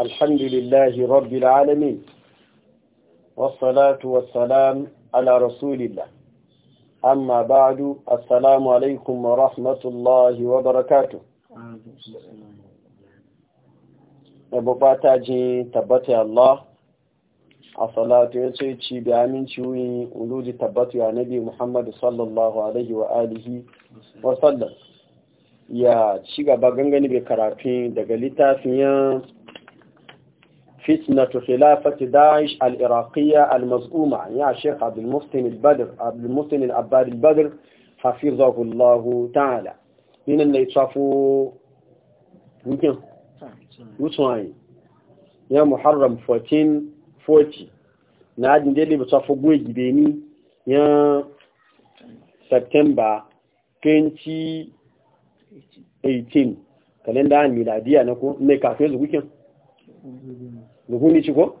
الحمد لله رب العالمين والصلاة والسلام على رسول الله أما بعد السلام عليكم ورحمة الله وبركاته Mabubataji tabbata Allah a salatu ya ce ci da aminci wuyi uludi tabbata ya nabi Muhammadu sallallahu Alaihi wa wa sallam ya ci gaba gangani karafin daga littafin فتنة خلافة داعش العراقية المزعومة يا شيخ عبد المحسن البدر عبد المحسن العباد البدر حفظه الله تعالى من اللي يتصفوا يمكن وتوين يا محرم 1440 نادي دي اللي بتصفوا بيني يا سبتمبر 2018 kalenda miladiya na ko ne kafin zuwa Muhimmi ci ko?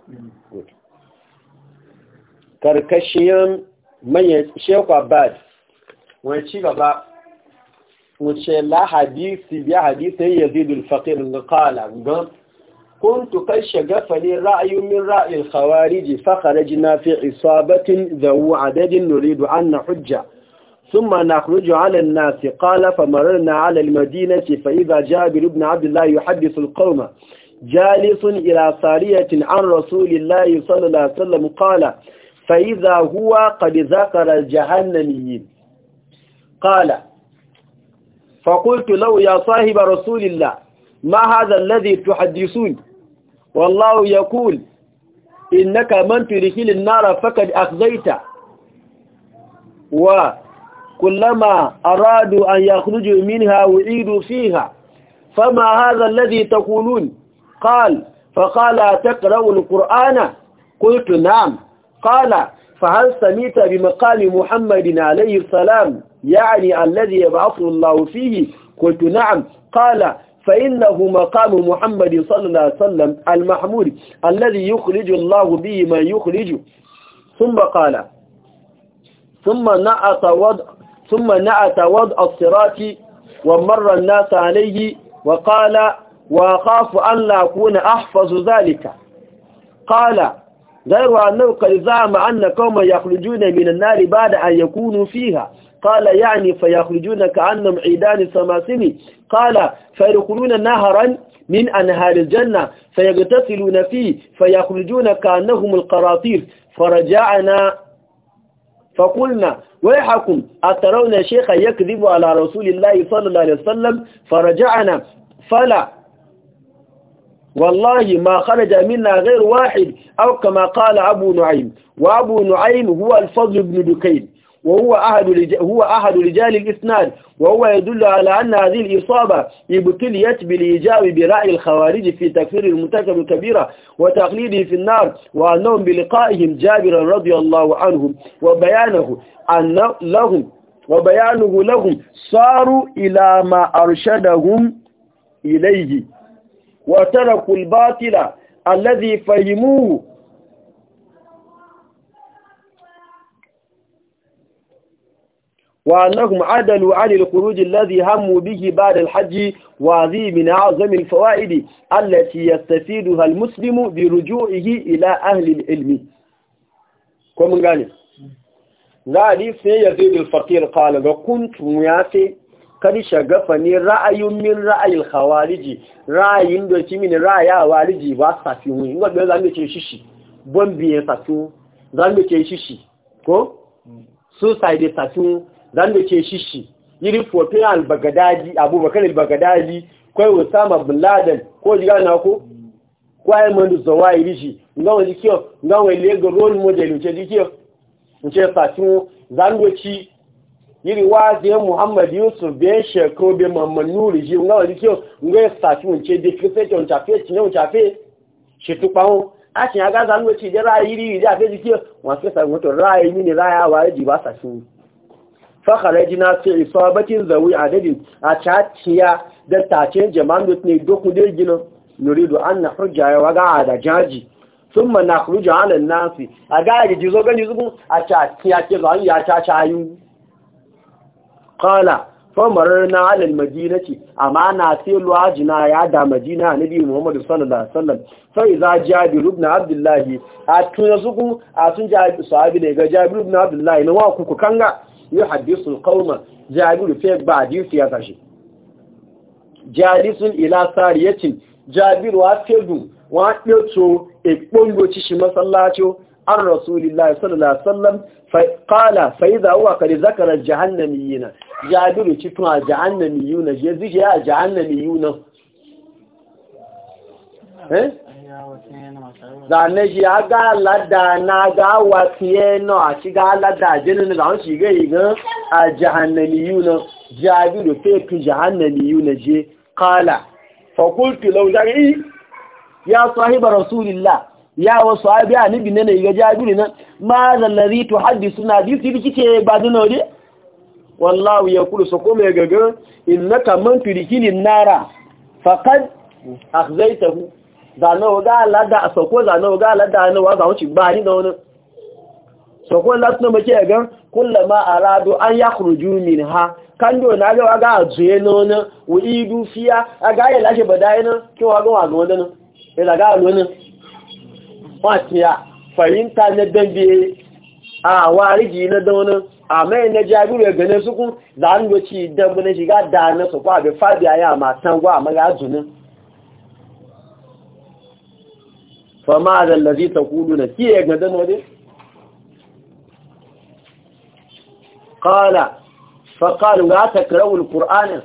Karkashiyan manya Sheikh Abad, wani ci gaba, la hadisi biya hadisai yazidul faqir na kala gan, kun tukar shiga fari ra’ayun min ra’ayin hawariji fakara ji na fi isabatin zawo a dajin nuridu an hujja, sun ma na kurji halin nasi kala famarar na halal madina ce fa’iza jabi rubna abdullahi yi haddisa جالس إلى سارية عن رسول الله صلى الله عليه وسلم قال فإذا هو قد ذكر الجهنميين قال فقلت له يا صاحب رسول الله ما هذا الذي تحدثون والله يقول إنك من ترسل النار فقد أخذيت وكلما أرادوا أن يخرجوا منها وعيدوا فيها فما هذا الذي تقولون قال فقال تقرأ القرآن قلت نعم قال فهل سميت بمقام محمد عليه السلام يعني الذي يبعثه الله فيه قلت نعم قال فإنه مقام محمد صلى الله عليه وسلم المحمود الذي يخرج الله به من يخرج ثم قال ثم نأت وضع ثم نأت وضع الصراط ومر الناس عليه وقال وأخاف أن لا أكون أحفظ ذلك قال غير أنه قد زعم أن قوم يخرجون من النار بعد أن يكونوا فيها قال يعني فيخرجون كأنهم عيدان سماسم قال فيدخلون نهرا من أنهار الجنة فيغتسلون فيه فيخرجون كأنهم القراطير فرجعنا فقلنا ويحكم أترون شيخا يكذب على رسول الله صلى الله عليه وسلم فرجعنا فلا والله ما خرج منا غير واحد أو كما قال أبو نعيم وأبو نعيم هو الفضل بن دكين وهو أحد هو أحد رجال الإسناد وهو يدل على أن هذه الإصابة ابتليت بالإيجاب برأي الخوارج في تكفير المرتكب الكبيرة وتقليده في النار وأنهم بلقائهم جابرا رضي الله عنهم وبيانه أن لهم وبيانه لهم صاروا إلى ما أرشدهم إليه وتركوا الباطل الذي فهموه وأنهم عدلوا عن الخروج الذي هموا به بعد الحج وهذه من أعظم الفوائد التي يستفيدها المسلم برجوعه إلى أهل العلم كم قال ذلك يزيد الفقير قال وكنت مياسي kadi shagafa ne ra'ayin min ra'ayin hawariji ra'ayin da mini ra'ayi a wariji ba safi mu inga da zamu ce shishi bon biye safi zamu ce shishi ko suicide e safi zamu ce shishi yiri fofin al abubakar al kwai kai ma bin ko jiga na ko kwaye mandu zawairi shi ngawo dikio ngawo lego role model nche dikio nche safi zamu ci yiri wazi muhammad yusuf be sheko be mamman nuri ji nga wali kiyo nga ya sa tun ce de kife ton tafe ti ne tafe she tu pa pawo a ti aga za nwe ti de ra yiri a fe ji kiyo wa se sa ngoto ra yi ni ra ya wa ji e e ba sa tun fa kharajna fi isabatin zawi adadin a cha ta tiya da tace jama'an ne ku de gino nuridu an na hujja ya wa ga da jaji sun ma na kuruja hannun nasi a gaya da jizo gani zugun a cha ta ya ke zan ya cha cayu qala halin madina ce, amma na sai luwajina ya da madina nabi Muhammadu sallallahu alaihi wasallam sai za jabi ibn Abdullahi. a tuna suku a sun jabi sahabi ne ga jabi ibn Abdullahi na wa ku kanga ya hadisun qauma jabi rufe ba hadisi ya kashi jalisun ila sariyatin jabi ruwa tegu wa docho e pongo ci shi masallacho an rasulillahi sallallahu alaihi wasallam fa qala fa idha huwa qad zakara jahannamiyina jabiru ci tun jahannamiyuna je zije ya jahannamiyuna eh zane ji aga lada na ga wa tiye no a ci ga lada jinin da an shiga igan a jahannamiyuna jabiru fe tu jahannamiyuna je qala fa qultu law da'i ya sahiba rasulillah ya wa sahabi anibi ne ne ga jabiri nan ma zallazi tuhaddisuna bi su dikice ba duna wuri ya yaqulu sako mai gaga innaka man tudkhilin nara faqad akhzaytahu da no ga lada sako da no ga lada no wa ga wuci ba ni na wani sako la tuno make ga kullama aradu an ya yakhruju ha. kando na ga ga azuye no na wani dufiya? A ga ya lashe ba badai na kiwa ga wa ga wannan ila ga alwana fatiya fahimta na dambe a wariji na daunin a mai na jaru ya gane su kun za a nwoci dambe na shiga da na su kwa bai fadiya ya matan gwa a magazunin fama da lalazi ta kudu na kiye ya gada node? kala faƙalu ga ta karawul kur'anin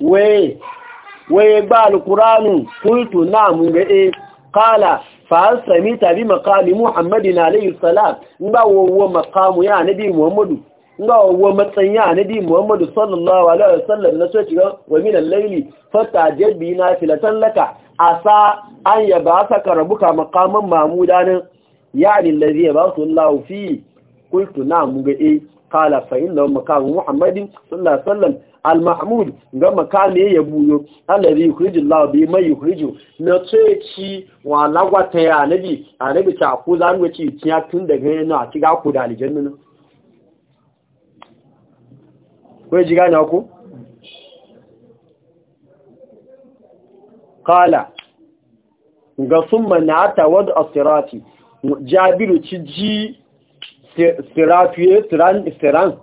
waye ba al-ƙur'anin kultu na mun ga'e kala fa sami tabi maqami muhammadin alayhi salam in ba wowo makamu ya nabi muhammadu in ba wowo matsayin ya nabi muhammadu sallallahu alaihi wasallam na soci ga wa min al-layli fatajid na filatan laka asa an yabasaka rabbuka maqaman mamudanin yani ba su allah fi qultu na mu ga eh qala fa inna maqamu muhammadin sallallahu alaihi wasallam al-mahmud ga makami ya buyo alladhi Allah bi man yukhriju na tsoci wa lagwata ya a nabi ta ku zan wuce ciya tun daga yana ci ga ku da aljanna nan ko ji gane ku kala ga summa na tawad a sirati jabiru ci ji siratu ya siran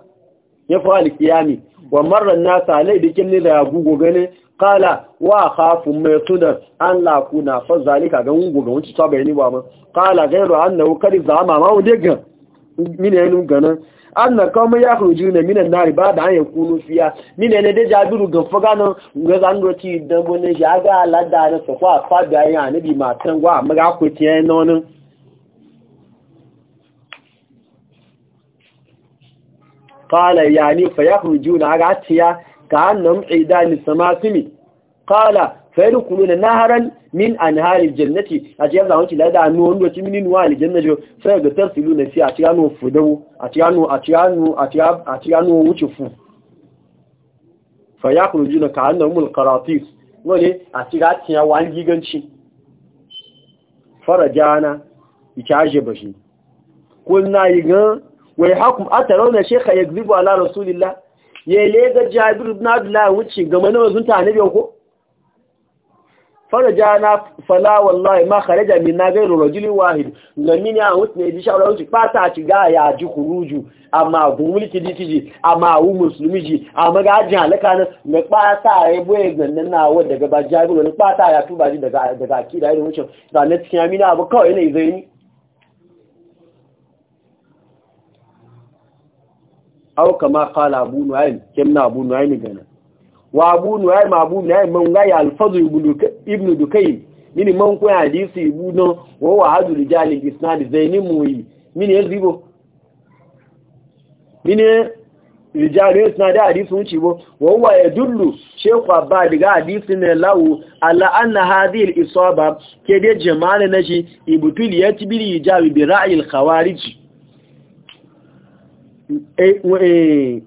ya fa alikiyami wa marar nasa alai bikin ne da ya gugu ganin kala wa khafu mai tuna an laku na fa zalika ga gugu ga wuce ta bayani ba ma kala gairu annahu kari zama ma wanda ga mine yanu an na kawai ya kuruju na minan na ba da an yakunu fiya mine ne da jabiru ga faga na ga zanroti dan bone ya ga alada da su kwa fa da yan anabi matan gwa maga ku tiyan nonin qala yani fayakhrujuna agatiya ka'annahum idani samasimi qala fayadkhuluna naharan min anhari aljannati aje yanzu wanki da da no ndo chimini nuwa aljanna jo sai ga tarsiluna fi atiyanu fudawu atiyanu atiyanu atiyanu wuchufu fayakhrujuna ka'annahum alqaratis wani atiyatiya wani giganci farajana ikaje bashi kun na yi gan wai hakum atarawna ya yakzibu ala rasulillah ya lega jabir ibn abdullah wuce ga mana sun ta annabi ko faraja na fala wallahi ma kharaja min na gairu rajuli wahid Lamini ya wuce ne bi shawara wuce fata ci ga ya ji kuruju amma bu mulki ditiji amma wu musulmi ji amma ga ji halaka na ne ta ya boye gannan na wa daga ba jabir ne ta ya tuba ji daga daga akida irin wuce da na cikin amina abu kawai ne zai aw kama qala abu nu'aym kimna abu nu'aym gana wa abu nu'aym abu nu'aym man ga ya alfazu ibnu dukay min man ku hadisi ibu no wa wa hadu rijali isnad zaini muyi mini yazibo mini rijali isnad hadisi unchi bo wa wa yadullu shaykh abba diga hadisi ne lawu ala anna hadhihi al-isaba kede jama'a naji ibtul yatbili jawi bi ra'yi al-khawarij Eh, eh,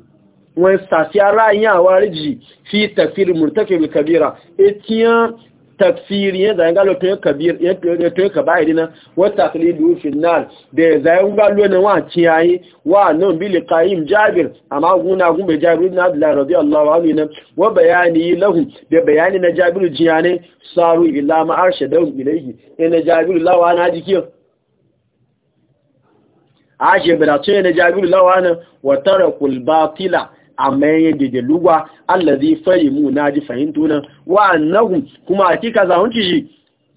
wọ́n sàfí ara yìn àwáríjì fi tafiri murtafi kabira etiyan tafsiri yẹn zai galo to yẹ kabari na wata kalibu final da zai galo na wa ciyayi wa nan bili kayim jabir amma guna gun bai jabir na abdullahi rabi allahu ahu na wa bayani yi lahu da bayani na jabiru jiyane saru ila ma'arshe da ilaihi ina jabiru lawa na jikin ashe birace na jabiru lawanin watara kulbatila a mayan dede lugwa allazi mu na ji fahimtunan wa'annahum kuma a hakika zahunci shi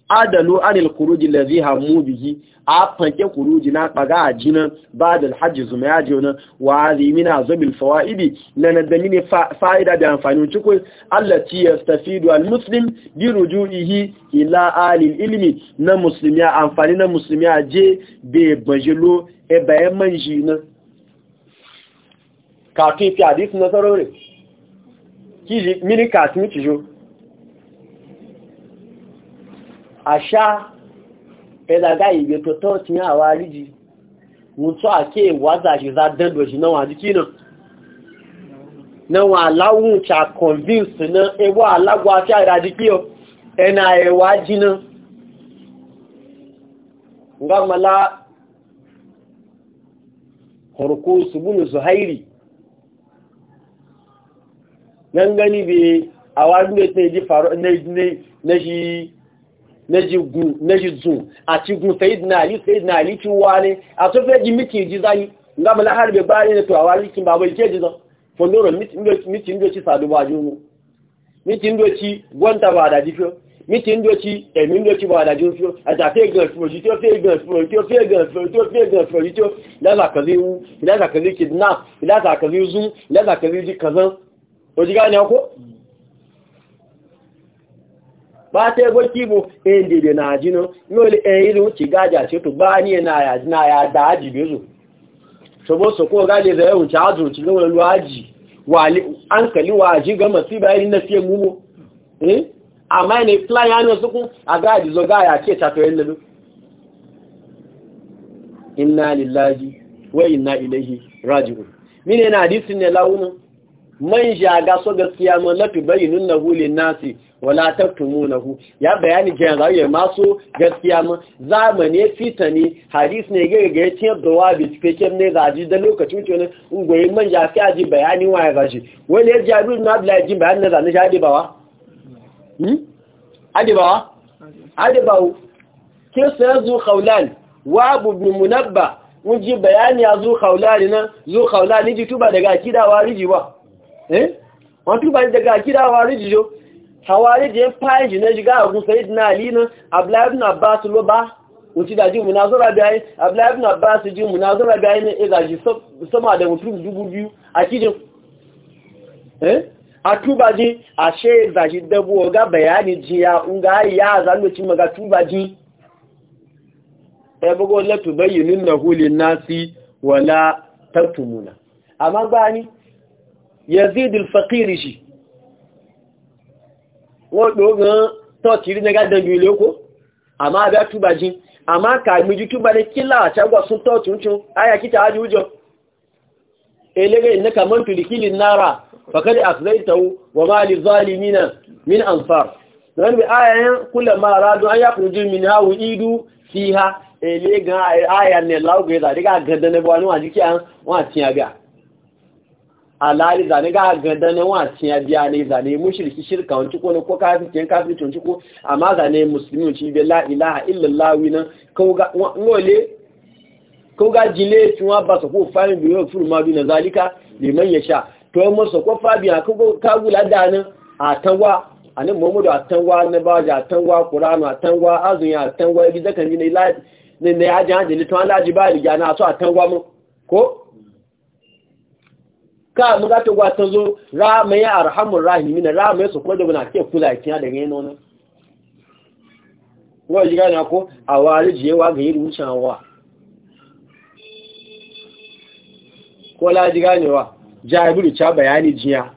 adalu anil kuruji lazi hamu bihi a fanke kuruji na ɓaga a jinan ba da hajji zuma ya ji wani wa azimina zobil fawa'idi na nadami ne fa'ida da amfani cikin allaci ya stafidu al-muslim bi ihi ila alil ilimi na musulmi a amfani na musulmi a je da bajilo e bayan ji na kafin fi hadis na sarori mini kafin cijo àṣà ẹ̀dàgá ìgbè tó tọ́ ti yán àwà àríjì mú tọ́ àké ìwádà ṣìzá dẹ́dọ̀ṣì náà na díkí náà náà aláwùn ta convince náà ewọ́ alágbà tí àìrà díkí ọ ẹ̀nà ẹ̀wà jíná ngámalá be subúnù zuhairi gangani bai a na na ji zu a cikin sayidina ali sayidina ali ci wani a to fe ji miki ji zai nga mala har be bari ne to a wani kin baba ke ji zo fondoro miki ndo ci sadu ba junu miki ndo ci gonta ba da difio miki ndo ci e mi ndo ci ba da junu a ta fe gan fro ji to fe gan fro to fe gan fro to fe gan fro ji to la za kazi u la za kazi kidnap la za kazi zu la za kazi ji kaza o ji ga ne ko bata ya gwarki bu na ajino yole ɗin e, irin wuce gaja ce na ya na ya da aji bezu to bo so ko gaje da e, yawun ta azu ci gawar an kali ga na fiye mumo eh a gaji zo gaya ce inna na hadisin ne ga so gaskiya mun lafi bayyinun nahu lin nasi wala taktumunahu ya bayani kenan za ya maso gaskiya mun zamane fitani hadis ne ga ga yace dawabi cikakken ne ji da lokacin ce ungoyi man ya fi aji bayani wa ya gaji wani ya jabi na abla ji bayani na shi shadi bawa hmm adi bawa adi bawo ke sai zu khaulan wa abu bi munabba mun ji bayani ya zu khaulan nan zu khaulan ji tuba daga kidawa riji eh wani tuba daga kidawa riji hawari da ya fayi shi na shiga a gusa yi na alina nan abdullabin abbas lo ba wuce da ji munazara abu abdullabin abbas ji munazara bayan na e izaji sama da mutum dubu biyu a kijin eh? a tuba ji a she izaji dabu ga bayani ji ya unga ya zanocin maga tuba ji ya e bugo latu bayyinin na hulin nasi wala tattumuna amma gani yazidul fakiri shi wọ́n pè ó gan tọ́ọ̀tì rí nẹ́gá dẹ̀bì ilé oko àmá abẹ́ túbà jí àmá kàìmìjú túbà ní kílà àṣàgbà sún tọ́ọ̀tì ń tún ayà kíta ájú jọ eléré ìnẹ́ka mọ́ntùlì kílì nára fàkàdé àfẹ́ìtàwó wà min wọ́n bí hawu idu fi ha alali zane ga gada na wacin ya biya ne zane mushirki shirka wanci ko ne ko kafin kafin wanci ko amma zane musulmi wanci bi la ilaha illallah wi nan ko ga jile tun wa ba su ko fami bi yau furu ma bi na zalika liman ya sha to yi masa ko fabi a ko kagula da nan a tawa a nan muhammadu a tawa na baji a tawa kuranu a tawa azun ya a tangwa ibi na ya ji hajji ne tun an laji ba a rigya na so a mu ko ka mu ga ta gwata zo ra mai arhamur rahimi na ra mai su ko da muna ke kula kiya daga yin nono wa ji gana ko a wari jewa ga yi rucawa ko la ji ganewa jabiru cha bayani jiya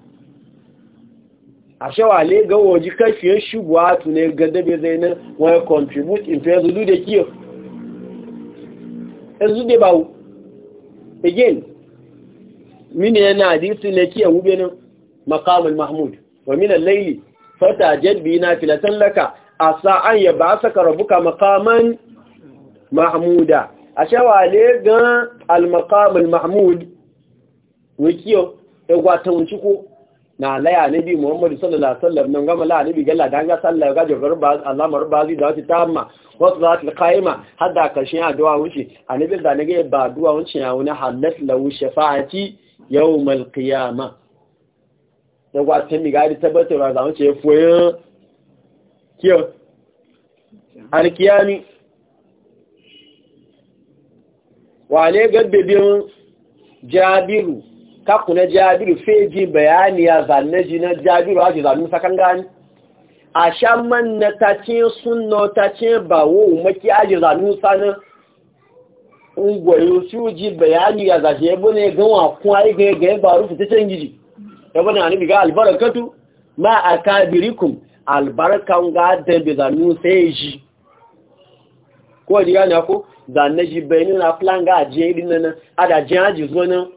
a shawale ga waje kafiyar shubuwa tunai ga dabe zai nan wani contribute in fiye zudu da kiyo in zudu ba again mini yana hadisi ne kiyan wube nan makamul mahmud wa min al-layli fatajad bi nafilatan laka asa an ya ba yabasaka rabbuka maqaman mahmuda ashawa le gan al-maqam al-mahmud wikiyo egwa ta wunci ko na laya nabi muhammadu sallallahu alaihi wasallam nan gama la nabi galla dan ga sallah ga jogar ba Allah marbazi da ta tamma wa salat al-qaima hadda karshen addu'a wuce annabi da nage ba addu'a wuce ya wani halat lahu shafa'ati yau malkiyama na kwasan migari tabbatarwa zama ce foyin kiyo alkiyami wane garbe biyun jabiru kaku na jabiru feji bayani ya zane ji na jabiru ake zane sakan gani a sha man na tace suna tacin bawo maki ake zane sanin ungwayo su ji bayani ya zafi ya bane gawa kuma ya gaya gaya ba rufu ta can gidi ya bane hannu biga albarakatu ma a kabirikun albarkan ga dambe zanu sai ji ko di gani ako na ji bayani na plan ga ajiye irin nan adajen aji zuwa nan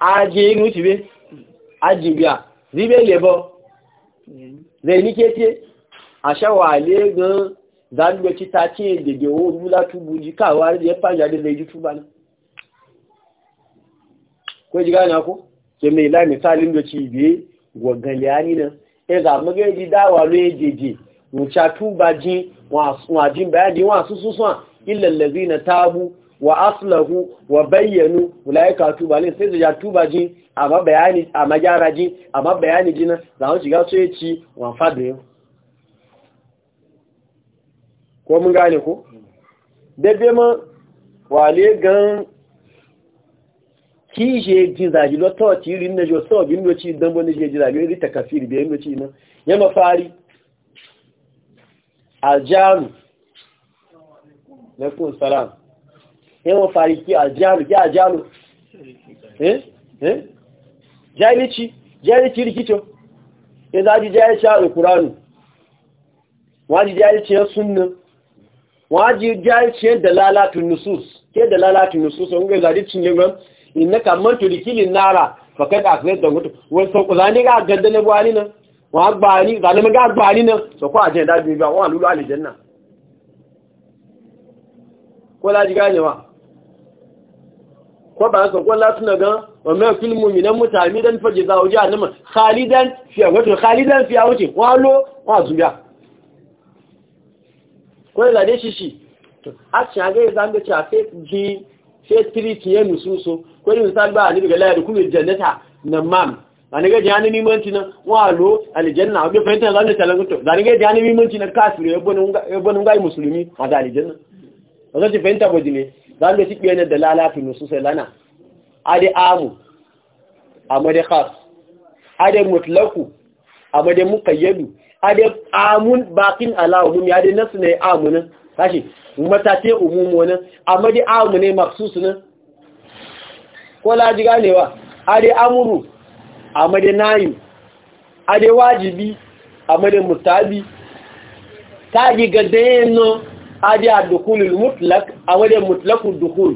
ajiye irin wuce be aji biya zibe lebo zai nike ce a sha shawale gan zanwe ci ta ce da da oh, wo nula tubu ji kawa da ya fanya da zai ji tuba na ko ji gane ko ke mai la misalin da ci biye gwagaliyani nan e za mu ga ji dawa mu bayani tabu wa aslahu wa bayyanu ne sai ji bayani na za ya ko mun gane ko dabbe ma wale gan ki kije jizaji lo to ti ri nejo so bi ndo ci dambo ne je jizaji ta takafiri bi ndo ci na ya mafari aljamu lekun salam ya fari ki aljamu ki aljamu eh eh ci, ci jahilici jahilici rikicho ya zaji jahilici alqur'ani waji jahilici sunna waji jayce da lalatun nusus ke da lalatun nusus on ga zadi cin legan innaka man turikilin nara fakat akhirat da mutu wai sauku zani ga gadda na bwani nan wa gbani zani ma ga gbani nan so ko ajen da bi ba wa lulu aljanna ko laji gane wa ko ba so ko la na ga wa ma fil za a fajiza a jahannama khalidan fi wa khalidan fi wuce. wa lo wa zubiya kawai zane shi shi a cin aga yi zambe ci a fi tiri ki yi nususo kawai misali ba a ni daga layar kuma jannata na mam a ni gaji hannun mimanci na walo alijanna a gefe ta zambe talangoto zane gaji hannun mimanci na kasiru ya bani ngai musulmi a da alijanna a zai fahimta gwaji ne zambe ci ɓiyar da lalafin nususa lana a da amu a madakas a da mutlaku a da mukayyadu ade amun bakin alawun ya dai nasu ne amunin tashi matace umumu wani amma dai amu ne maksusu ne ko laji ganewa ade amuru amma dai nayu ade wajibi amma dai mutabi tagi gadeno ade adukulul mutlak amma dai mutlakul dukul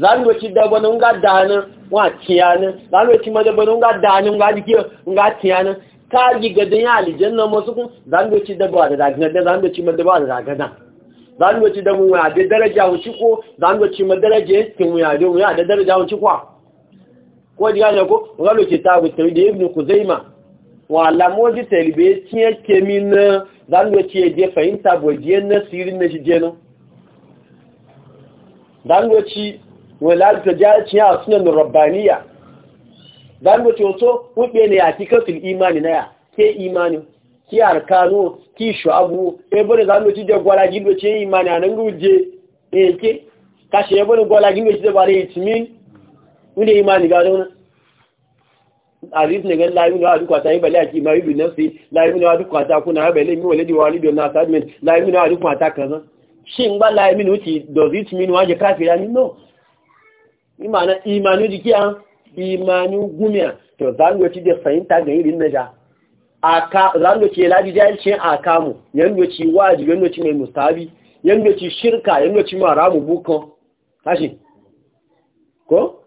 zanu wace dabanin ga dana wa kiyana zanu wace madabanin ga dana ga dike ga kiyana ka ji gadin ya aljanna masu kun zan da ci dabawa da zagada zan da ci madabawa da zagada zan da ci damu ya da daraja wuci ko zan da ci madaraja yakin ya da ya da daraja wuci kwa ko diga ne ko ngalo ci tabu tawidi ibn kuzaima wa alamo ji talibe tiye kemin zan da ci je fahimta bojiyen nasirin na shi jeno zan da ci wala tajati ya sunan rabbaniya dan da cewa wuɓe ne ya fi kafin imani na ya ke imani ki arkanu ki shu'abu e bane zan da ci da gwala gido ce imani anan guje e ke kashi e bane gwala gido ci da bare itmin wule imani ga don aziz ne gan layu na duka ta yi bale aki mai bi nafsi layu na duka ta kuna bale mi wale di walido na sadmin layu na duka ta kaza shin ba layu min wuci does it mean je kafira ni no imani imani dikiya imanin gumiya to za zangoci da fahimta ga irin na ja aka ce ladi jahilcin aka mu waji wajibi yangoci mai mustabi yangoci shirka yangoci ma ramu buko tashi ko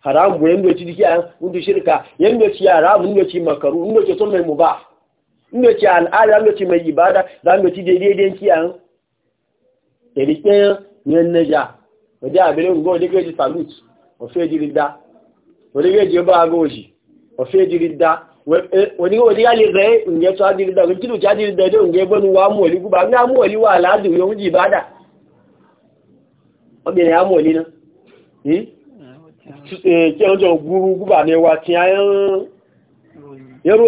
haram bu yangoci diki an hundu shirka yangoci ya ramu yangoci makaru yangoci sun mai mubah yangoci al'ada yangoci mai ibada za zangoci daidai kiyan eri kẹyàn yẹn nẹja ọjọ́ àbẹ̀rẹ̀ òǹgọ́ ọdẹ́gbẹ́jì salute ọ̀fẹ́ ìdírídá onígbèjì bá agó òṣì ọ̀fẹ́ ìdírídá onígbèjì rẹ̀ ǹjẹ́ tó adírídá òjìdù tí adírídá ẹ̀dẹ́ òǹgẹ́ gbọ́nu wa mú òlí gúbà ní àmú òlí wà aládùn yóò jì bá dà ọgbẹ̀rẹ̀ àmú òlí náà kí ọjọ́ gúrú gúbà ní wa ti ayẹ́rún ẹ̀rọ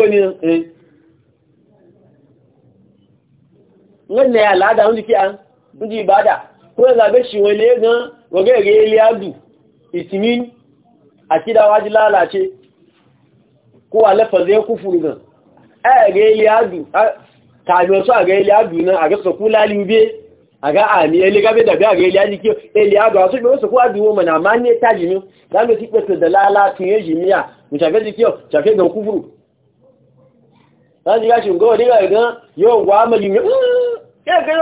itimin. akida waji lalace ko a lafazin kufuru nan a ga iliyadu tàbí ọ̀tọ́ àgá ilẹ̀ àgbì náà àgẹ́sọ̀kú láàrín ubé àgá àmì ẹlẹ́gábé dàbí àgá ilẹ̀ àjíkí ilẹ̀ àgbà tó gbẹ̀rẹ̀ sọ̀kú àdìwọ̀ mọ̀nà máa ní ẹ̀tàjì ní láàrín tí pẹ̀sẹ̀ dàlálá tún èyí ní à mùsàfẹ́jìkí ọ̀ sàfẹ́gàn ɗan láti gáṣù gọ́ nígbà ìgán yóò wà á mẹ́jì ní ẹ̀kẹ́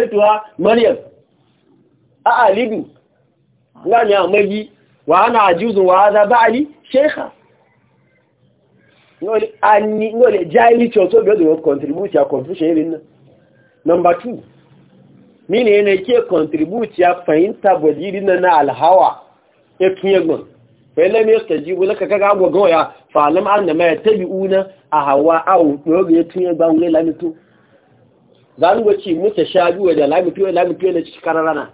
yóò wà ha a'alibu na ni a mahi wa ana ajuzun wa za ba ali sheikha no le ani no le jaili cho so be do contribute ya confusion yin na number 2 mi ne ne ke contribute a fainta bodi din na alhawa e tiyegon fa le mi ta jibu la kaga go go ya fa lam an ma yatbiuna ahawa au do ga tiyegba ngai lamitu dan go ci mu ta shaju da lamitu lamitu ne cikin rana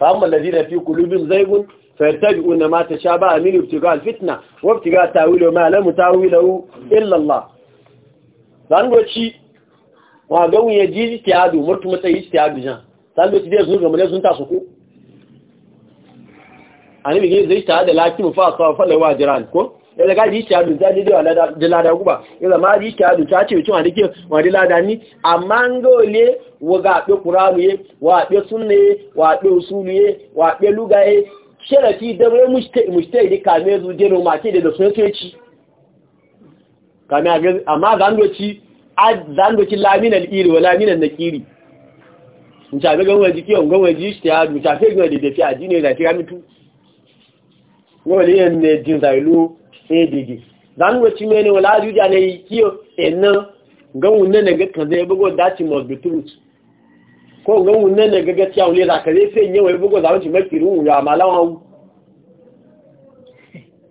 فأما الذين في قلوبهم زيغ فيتبعون ما تشابه من ابتغاء الفتنة وابتغاء تاويله ما لم تاويله إلا الله zangoci wa gawun ya ji ijtihadu mutum matsayi ijtihadu jan zangoci dai sun gamale sun taso ko ani bige zai ta da lakin fa fa fa lawa jiran ko yanzu ka ji ciyadu ta daidai wa da lada guba yanzu ma ji ciyadu ta ce cin wadda ke wadda lada ni amma an gole wa ga ɗe ƙuraru wa ɗe sunna wa ɗe usulu ye wa ɗe luga ye sharafi da wai mushtai da kame zu jero ma ke da da sun soci kame amma zandoci zandoci laminan iri wa laminan na kiri in shafi ganwa jiki yawon ganwa ji shi ta yadu in shafi da tafiya a jini da fi ramitu wani yin ne jin zailu sai dede zanu wace mene wala juja ne kiyo enan ga wunne ne ga kan zai bugo dace must be truth ko wunne ne ga gaskiya wule za ka zai sai yawa bugo za wuce mafi ya malawa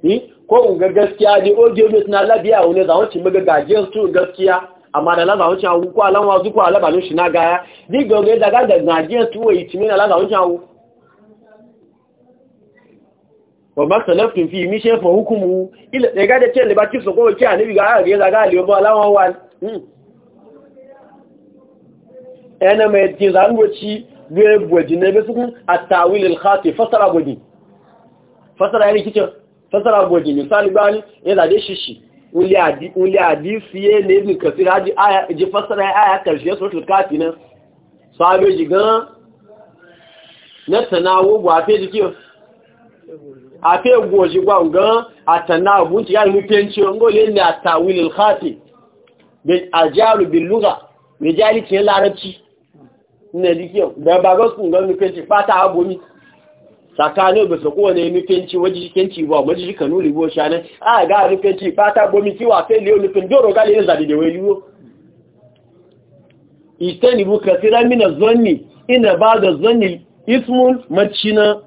ni ko ga gaskiya ne oje ne suna labiya wune za wuce maga gajiyar su gaskiya amma da laza wuce hawu ko alanwa zuku alaba ne shi na gaya ga ga da ga gajiyar su wa yi wuce hawu wa maktalafin fi mi ṣe fa hukumu ilẹ̀ ẹ̀gá jẹ́ tẹ́lẹ̀ bá kí sọ̀kọ́ kí à níbi gáà rí ẹ̀zà gáà lè ọmọ aláwọ̀n hmm. wà ẹ̀nà mẹ́tí ìzànwòcí bí i bọ̀jì nẹ́bẹ̀ sókún àtàwílẹ̀ ìlhàtì fásara bọ̀jì fásara yẹni kíkẹ́ fásara bọ̀jì ní sálúgbáni ẹ̀zàdé e ṣiṣì ulẹ̀ àdí fiye nẹ́bì karshe jí fásara e ayà kàrṣẹ́ sọ́tù e káàfì náà na gan-an nẹ́tànáwó gbà fẹ́ afe goji gwa ngan atana abunci ya mu penci ngo le ni atawil al khati bil ajalu bil lugha me jali ti larabci ne dikio da ba ga sun ngan mu penci fata abomi sakane ba su kowane mu penci waji kenci ba waji kanu libo shane a ga mu penci fata bomi ki? wa fe le o nufin doro ga le zadi de weliwo istani bu kasira min az-zanni ina ba da zanni ismun macina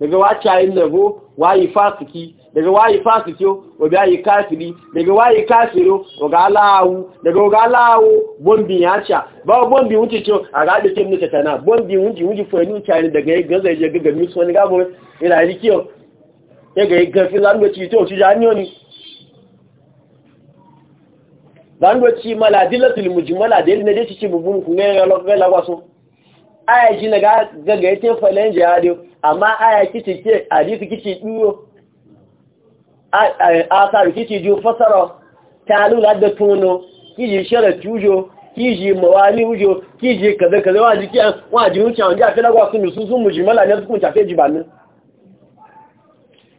daga wacayin labo wayi fasiki daga wayi fasikiyo wa biyayi kafiri daga wayi kafiro wa galawu daga galawu bombi ya yacha ba bombi wuce ce a ga da kemni tana bombi wuji wuce fani chani daga ya gaza ya gaga mi so ni gabo ina rikiyo ya ga ga filan da ci to ci janyo ni dan go ci mala dilatul mujmala da ne da ci bubun ku ne ya lokala waso aya shi na gaga ya ce falon jihadi amma aya kici ke hadisi kici ɗuro a tsari kici ju fasara ta lula da tono kiji shirar tujo kiji mawali ujo kiji kaza kaza wa jiki an wa ji wuce wanda afi lagwa sun su sun muji mala ne su kun tafe ji banin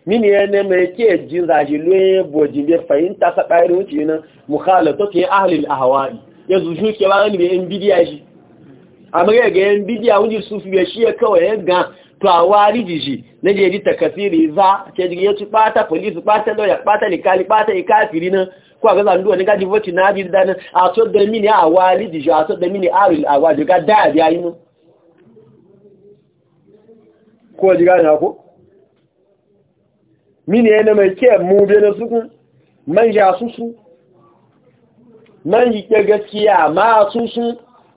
mini ne mai ke jin zaji loye bojin bai fahimta sa ɗairin na nan mukhalatokin ahalin ahawai ya zuzu ke ba ne bai in bidiya shi amurya ga yan bidiya wunji sufi ya shi ya kawai yan ga to a wari jiji na jeji ta kasiri za ke jirgin ya ci bata polisi bata lawyer bata likali bata ikafiri nan ko a gaza nduwa ni gaji voti na abi dana a so da mini a wari jiji a so da mini a wil a wajo ga da biya yi nan ko jiga na ko mini yana mai ke mu be na suku man ja susu man yi gaskiya ma susu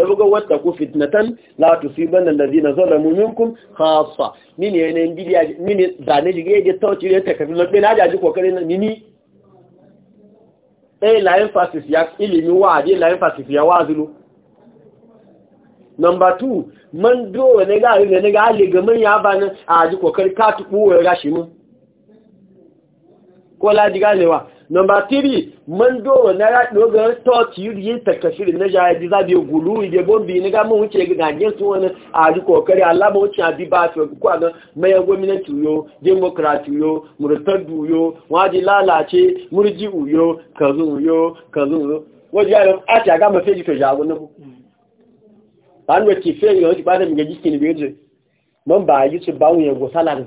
ya buga wata ku fitnatan la tusiban allazina zalamu minkum khassa min ya ne bidiya ya ji ne jige je tauci ne ta kafin lobe na jaji kokarin ni ni eh la emphasis ya ilimi wa je la emphasis ya wazulu number 2 man do ne ga ne ne ga le gaman ya bana a aji kokari ka tuku ya gashi mun ko la diga lewa Number three, man doro na ya dogon touch yuri yin takashirin na jaya ji zabe gulu ide bombi ni ga mun wuce ga ganyen su wani a ji kokari Allah ba wuce abi ba to ku ga mai gwamnati yo democracy yo murtaddu yo waji lalace murji uyo kazu yo kazu waji a ta ga mafi ji to jago na ku fe yo ba da mi ga jikin bi je man ba yi go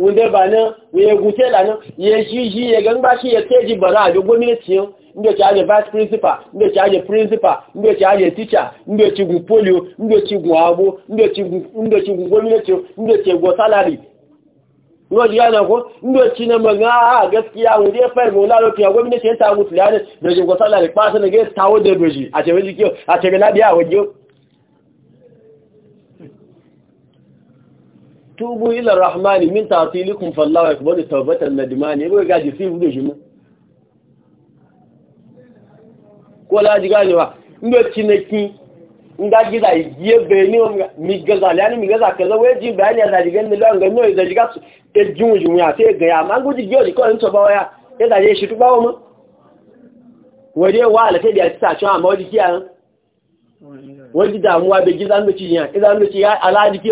wunde ba nan ya gute la nan ya jiji ya shi ya teji bara a gwamnati yau inda ci aje vice principal inda ci aje principal inda ci aje teacher inda ci gun polio inda ci gun abo inda ci gun gwamnati inda ci gun salary ngo ji yana ko inda ci na maga a ah, gaskiya wunde fa mu la lokiya gwamnati ya ta mutu da ne da gun salary pa sai ne ga tawo da beji a ce a ce ga na biya tubu ila rahmani min ta'tilikum fallahu yakbalu tawbatan nadimani ba ga ji sifu da shi mu ko la ji gani ba ndo cinaki nga da yiye be ni mi gaza la mi gaza kaza we ji ba ni da ji gani lo ngani no da ji ga te jun ya te ga ya ma ji gyo ji ko nto ba ya ya e da ye shi tu ba wo mu we de wa la te da ta cho ma o ji kiya wọ́n jí dàmúwà bèjì lánàá ti yàn ìlànà ti yá aláàdìkí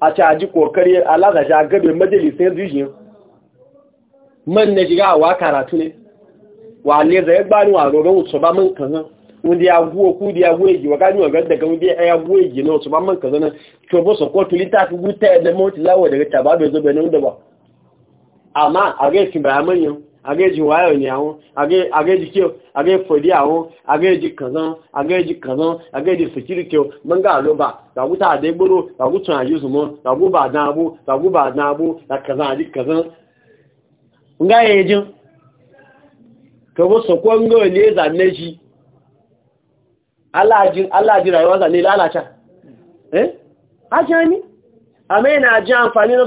a caji kokari a ja gabe majalisai zijin man na shiga wa karatu ne wa ne zai gbani wa rogon wuce ba man kazan wanda ya guwa ku da ya guwa ji wa gani wa daga wanda ya guwa ji na ba man ko da lawa daga zo bai nan da ba amma a ga manyan agéjì wáyọ̀ ní àwọn agéjì kí o agéjì fòdí àwọn agéjì kànzán agéjì kànzán agéjì security o mọ́ngá àlóbà tàgútà àdégbòrò tàgútà àyùsùmọ́ tàgúbà àdánabó tàgúbà àdánabó tàkànzán àdí kànzán ngá yẹjọ́ kẹwọ́ sọ̀kọ́ ń gbọ́ ilé ẹ̀zà méjì aláàjì ràyọ́ ní ilé ẹ́ ajá ìnà àǹfààní lọ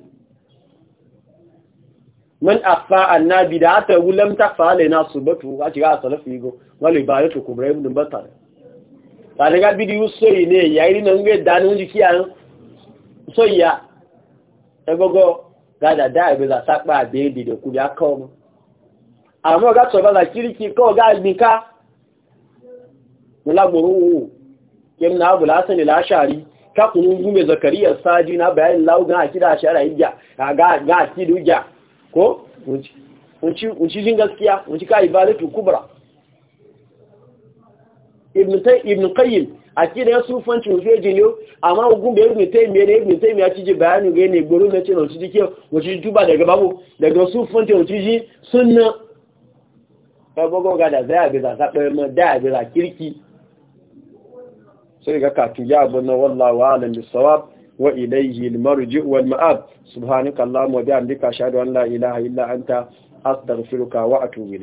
man afa annabi da ata wulam ta fale na subatu a shiga a salafi go wale ba yato kubra ibn batar ta daga bidiyu soyi ne yayi nan ga danin jikiya soyya egogo gada da ibe za sapa abedi da kudi aka omo amma ga to ba za kiriki ko ga albika mulagboro kem na abu lasan ilashari ka kunun gume zakariya sadi na bayan laugan akida shara hijja ga ga akidu ko wunci jin gaskiya wunci ka ibadatu kubra ibn qayyim a kira ya sufanci wuce jiniyo amma hukun da ibn taimiyya da ibn taimiyya ci bayani ga ne gboro na ce na wuce jike wuce juba daga babu daga sufanci wuce ji sunna ɗabogon gada zai abi za ta ɗaya ma da abi za kirki sai ga kafin ya abu na wa alam bisawab wa ilayhi al-marji' wal ma'ab subhanakallahumma wa bihamdika ashhadu an la ilaha illa anta astaghfiruka wa atubu